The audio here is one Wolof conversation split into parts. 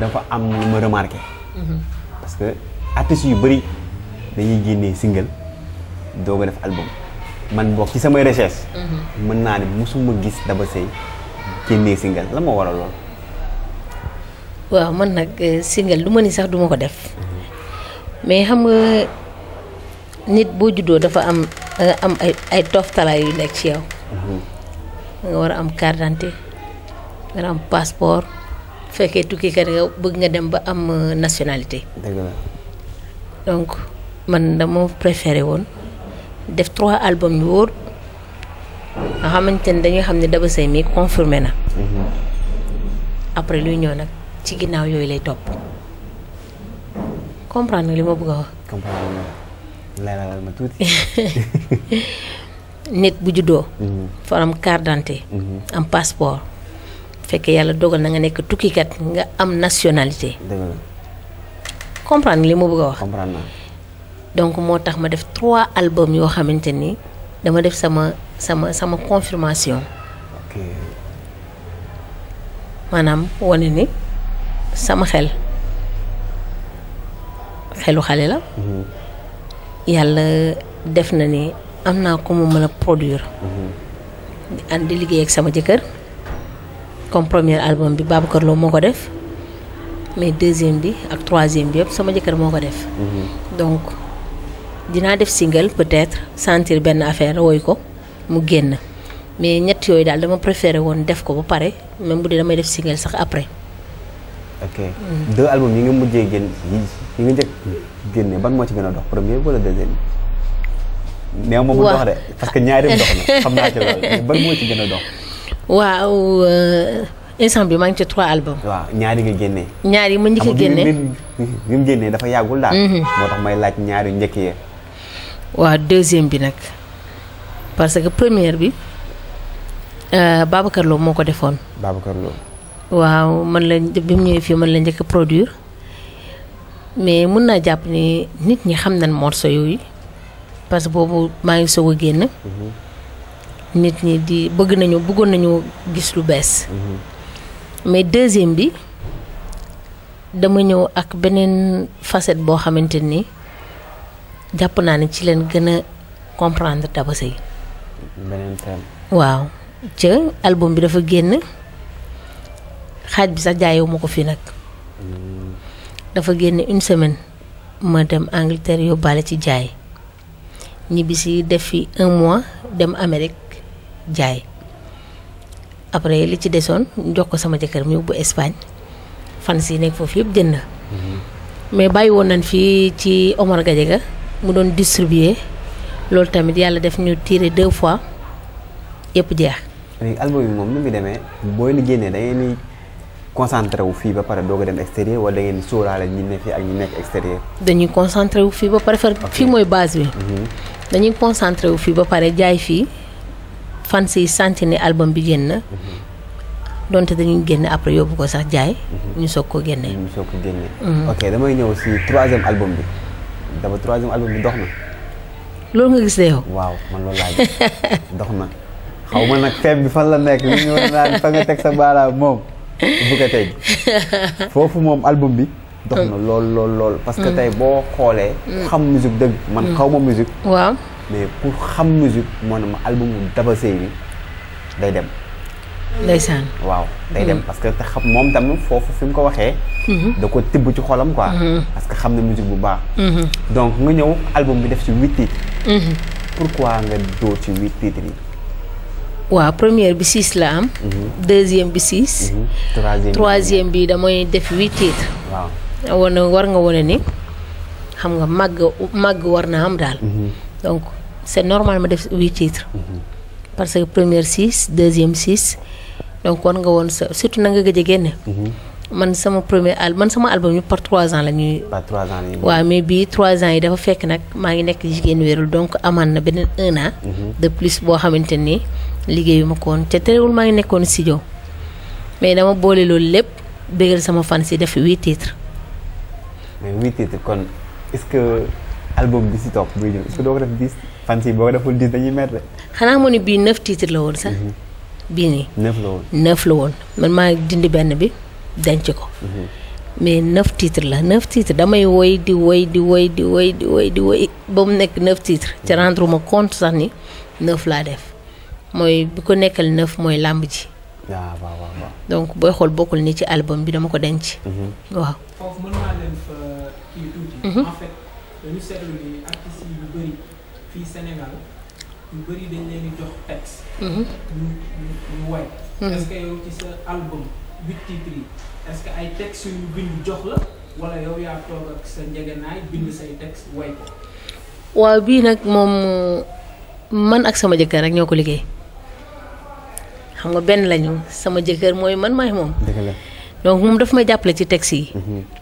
dafa am lu ma remarqué. parce que artiste yu bari dañuy guéné single doog a def album man bok ci samay recherche. man mm-hmm. naa ne musuma gis Daba Seye génnee single la ma waral lool. waaw man nak euh, single lu ni sax duma ko def mais xam nga nit bo juddo dafa am euh, am ay ay toftalaay yu nek ci yow. Mm-hmm. nga wara am carte d'identité nga am passeport. fekkee tukkikat nga bëgg nga dem ba am euh, nationalité. donc man dama préféré woon def trois albums yu wóor nga xamante ni dañuy xam ne Daba Seye mi confirmé na. Mhm. après luy ñëw nag ci ginnaaw yooyu lay topp. comprendre li ma bëgg a nit bu juddoo. Mhm. fa am mhm. am passeport. fekk yàlla dogal na nga nekk tukkikat nga am nationalité. comprendre li ma bëgg a wax. comprendre donc moo tax ma def trois albums yoo xamante dama def sama sama sama confirmation. ok maanaam wane ni sama xel xelu xale la. Mhm. yàlla def na ni am naa ko mu mën produire. Mhm. di di ak sama jëkkër. comme premier album bi Babacar Lo moko def mais deuxième bi ak troisième bi yëpp sama jëkkër moko def. Mhm. donc dina def single peut-être sentir ben affaire woy ko mu génn mais ñett yooyu daal dama préféré woon def ko ba pare même bu dee damay def single sax après. ok mm. deux albums yi nga mujjee génn yi nga njëkk génne ban moo ci gën a dox premier wala deuxième. néew ma mu dox de parce que ñaari dox na xam naa ci loolu ban moo ci gën a dox. waaw euh, instant bi maa ngi ci trois albums. waaw ñaari nga génnee. ñaari ma njëkk génne bi mu génnee dafa yàggul daal. Mhm. moo tax may laaj ñaari njëkk ya. waaw deuxième bi nag parce que première bi euh, Babacar Lo moo ko defoon. Babacar Lo. waaw man la bi mu ñëwee fii man la njëkk a produire mais mun naa jàpp ni nit ñi xam nañ morceau yooyu parce que boobu maa ngi soog a génn. Mhm. nit ñi di bëgg nañu bëggoon nañu gis lu bees. Mhm. mais deuxième bi dama ñëw ak beneen facette boo xamante ni jàpp naa ne ci leen gën a comprendre Tabaski yi. waaw ca album bi dafa génn xaaj bi sax jaayewu ma ko fii nag. Mhm. dafa génn une semaine ma dem Angleterre yóbbaale ci jaay ñibbisi def fi un mois dem Amérique. jaay après li ci desoon jox ko sama jëkkër mu yóbbu Espagne fan si nekk foofu yëpp jënd. Mm-hmm. mais bàyyi woon nañ fii ci Omar Gadiaga mu doon distribuer loolu tamit yàlla def ñu tiire deux fois yëpp jeex. léegi album bi moom nu muy demee booy li génnee da ngeen di wu fii ba pare doog a dem extérieur wala da ngeen di sóoraale ñi ne fii ak ñi nekk extérieur. dañuy concentré wu fii ba pare fii mooy base bi. Mm-hmm. dañuy concentré wu fii ba pare jaay fii. fans yi santi ne album bi génn na donte dañuy génne après yóbbu ko sax jaay. ñu soog ko génne. ñu soog ko génne. Mm. ok damay ñëw si troisième album bi dama troisième album bi dox na. waaw man loolu laa gis xaw ma nag thème bi fan la nekk nga teg sa baaraam moom bu foofu moom album bi. dox na mm. lool lool lool. parce que mm. tey boo xoolee. xam musique dëgg. man xaw ma musique. waaw. mais pour xam musique maanaam album Daba Sey bi day dem. ndeysaan waaw day dem mm-hmm. parce que te xam moom tamit foofu fi mu ko waxee. Mm-hmm. da ko tibb ci xolam quoi. Mm-hmm. parce que xam na musique bu baax. donc nga ñëw album bi def ci huit titres. pourquoi nga doo ci huit titres yi. bi six la am. bi damay def huit titres. waaw war nga wane ni xam nga mag màgg war naa am daal. donc c'est normal de titres. Mhm. parce que première six deuxième 6 donc on a on mhm. surtout premier album, man album par trois ans la nuit. trois ans Ouais, mais bi trois ans donc un an. Mhm. de plus ngi mais huit titres. mais huit titres est-ce que. album bi si topp boo ko deful dix dañuy mettre. xanaa moo ne bii neuf titres la woon sax. Mhm. bii nii neuf la woon. neuf la woon man maa dindi benn bi denc ko. Mhm. mais neuf titre la neuf titres damay woy di woy di woy di woy di woy di woy ba mu nekk neuf titre ci mhm. rendre ma compte sax ni neuf laa def mooy bu ko nekkal neuf mooy làmb ji. Ah, waaw waaw waaw. booy xool bokkul ni ci album bi dama ko denc. waaw. dañu seetlu ni artistes yu bëri fii Sénégal yu bëri dañ leen jox texte. Mhm. ñu way. Mhm. est que yow ci sa album huit que ay textes yu ñu bind jox la wala yow yaa toog ak sa njëgënaay bind say texte way ko. waaw bii nag moom man ak sama jëkkër rek ñoo ko liggéey xam nga benn lañu sama jëkkër mooy man maay moom. donc moom daf may jàppale ci texte yi. Mhm.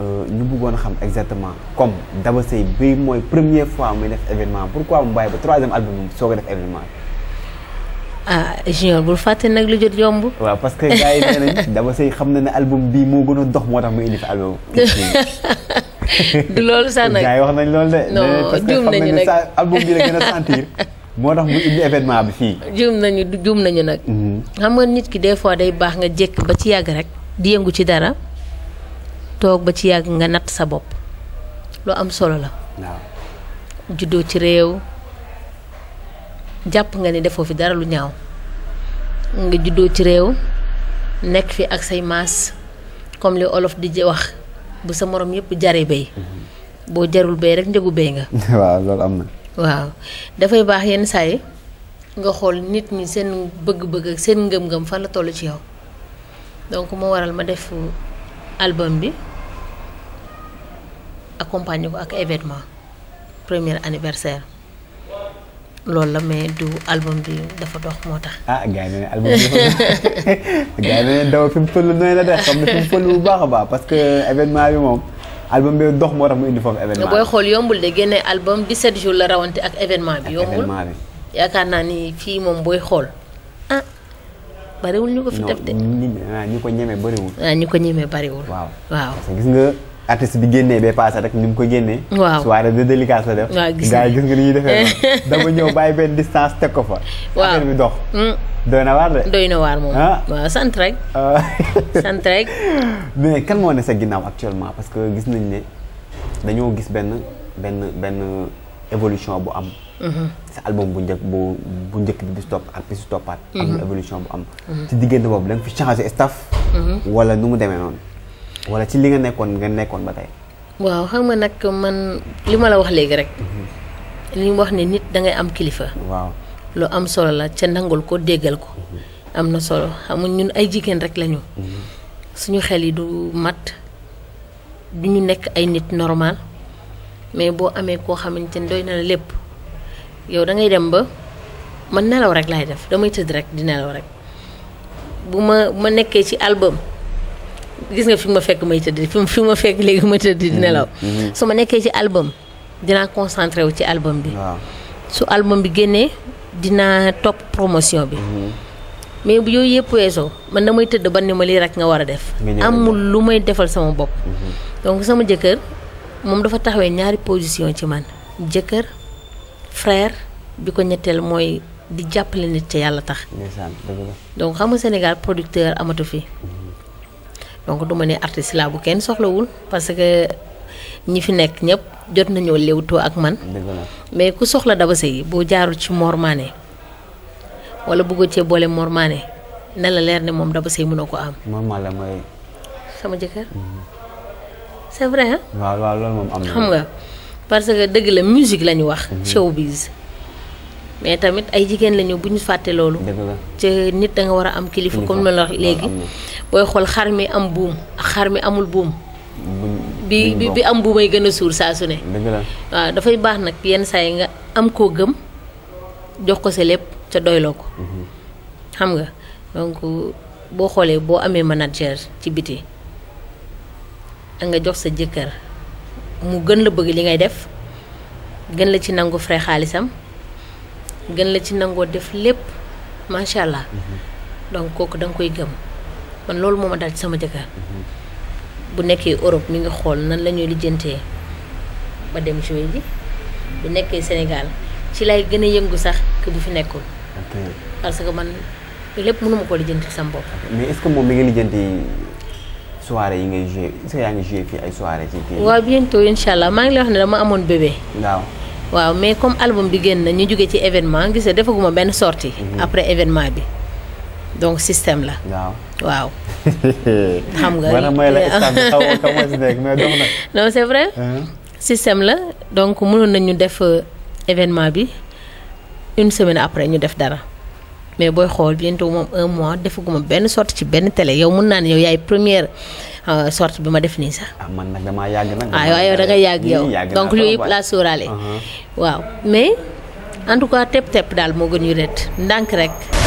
Euh, ñu bëggoon xam exactement comme Daba Seye bi mooy première fois muy def événement pourquoi mu bàyyi ba troisième album soo ko def événement ah Junior bul fàtte nag lu jot yomb. waaw parce que gars yi nee nañ Daba Seye xam na ne album bi moo gën a dox moo tax mu album. du loolu sax nag gars yi wax nañ loolu de. non juum nañu nag parce que xam na album bi la gën a sentir. moo tax mu indi événement bi fi juum nañu juum nañu nag. Mhm. xam nga nit ki des fois day bax nga jékk ba ci yag rek di yengu ci dara. toog ba ci yàgg nga natt sa bopp lu am solo la. juddoo ci réew jàpp nga ni defoo fi dara lu ñaaw nga juddoo ci réew nekk fi ak say maas comme li olof di wax bu sa moroom yëpp jare bay mm-hmm. boo jarul bay rek njëgu bay nga. waaw loolu am na. waaw dafay baax yenn saay nga xool nit ñi seen bëgg-bëgg ak seen ngëm-ngëm fan la toll ci yow donc moo waral ma def. album bi accompagné ko ak événement premier anniversaire loolu la mais du album bi dafa dox moo tax. ah gars yi ne album bi gars yi ne daw fi baax baax parce que événement bi moom album dox moo tax mu indi foofu événement booy xool yombul de génne album 17 jours la rawante ak événement bi. yombul yaakaar naa ni fii moom booy xool. bariwul ñu ko fi def de. ñi ah, ko ñeme bariwul. ah ñi ko ñeme bariwul. waaw waaw gis nga. artiste bi génnee ba paase rek ni mu ko génnee. waaw soirée de dédicace la def. gis nga gis nga ni ñuy defee dama ñëw bàyyi benn distance teg ko fa. waaw affaire bi dox. Hmm. doy na waar de. doy na waar moom ah. waaw sant rek. Ah. sant rek. mais kan moo ne sa ginnaaw actuellement parce que gis nañ ne dañoo gis benn benn benn évolution bu am. sa uh-huh. album bu njëkk bu bu njëkk bi stop topp ak bisu toppaat am na évolution bu am ci diggante boobu da nga fi changé staff wala nu mu demee noonu wala ci li nga nekkoon nga nekkoon ba tey waaw xam nga nag man li ma la wax léegi rek li wax ne nit da ngay am kilifa waaw lu am solo la ca nangul ko déggal ko am na solo xam nga ñun ay jigéen rek lañu suñu xel yi du mat du ñu nekk ay nit normal mais boo amee koo xamante ne doy na la lépp yow da ngay dem ba man nelaw rek laay def damay tëdd rek di nelaw rek bu ma ma nekkee ci album gis nga fi ma fekk may tëdd fi fi ma fekk léegi ma tëdd di mhm, nelaw mhm. su ma nekkee ci album dinaa concentré wu ci album bi su album bi génnee dinaa topp promotion bi mhm. mais bu yooyu yëpp weesoo man damay tëdd ban ni ma lii rek nga war a def amul lu may defal sama bopp donc sama jëkkër moom dafa taxawee ñaari position ci man jëkkër frère bi ko ñetteel mooy di jàppale nit ca yàlla tax. donc xam nga Sénégal producteur amatu fi. donc du ma ne artiste laa bu kenn soxlawul parce que ñi fi nekk ñëpp jot nañoo léewtoo ak man. mais ku soxla Daba Seye boo jaarul ci Mor Mané wala bëggoo cee boole Mor na la leer ne moom Daba Seye mënoo ko am. Mor Mané mooy. sama jëkkër. Mm-hmm. c'est vrai na. xam nga. parce que dëgg la musique la ñu wax. Mhm. showbiz. mais tamit ay jigéen lañu bu ñu fàttee loolu. ci nit da nga war a am kilifa comme loolu wax léegi. booy xool xar mi am buum xar mi amul buum. bi bi am buumay gën a suur saa su ne. waaw dafay baax nag yenn saa yi nga am koo gëm jox ko sa lépp ca doyloo ko. Mhm. xam nga donc boo xoolee boo amee manager ci biti. nga jox sa jëkkër. mu gën la bëgg li ngay def gën la ci nangu frais xaalisam gën la ci nangoo def lépp macha allah mm-hmm. donc kooku danga koy gëm man loolu moo ma dal ci sama jëkkër mm-hmm. bu nekkee Europe mi ngi xool nan la ñuy lijjantee ba dem jouer ji bu nekkee Sénégal ci lay gën a yëngu sax que bu fi nekkul. parce que man lépp mënuma ko lijjanti sama bopp. mais est moom mi ngi lijjanti. soirée yi ngay joué est-ce que yaa ngi joué ay soirée ci kii. waaw bientôt inshallah ma ngi lay wax né dama amone bébé. waaw waaw mais comme album bi génn ñu joggé ci événement gis nga defaguma ben sortie mhm. après événement bi donc système la. waaw waaw. xam nga wala may la instant bi xaw ma si nekk mais dox na. non c'est vrai. Hein? système la donc mënoon nañu def euh, événement bi une semaine après ñu def dara. mais booy xool bientôt moom un mois ma benn sortie ci benn télé yow mun naa ne yow yaay première euh, sortie bi ma def nii sax. ah man nag damaa yàgg nag. ah yow da yàgg yow donc yooyu yëpp laa sóoraale. Uh-huh. waaw mais en tout cas tepp tepp daal moo gën yu ret ndànk rek.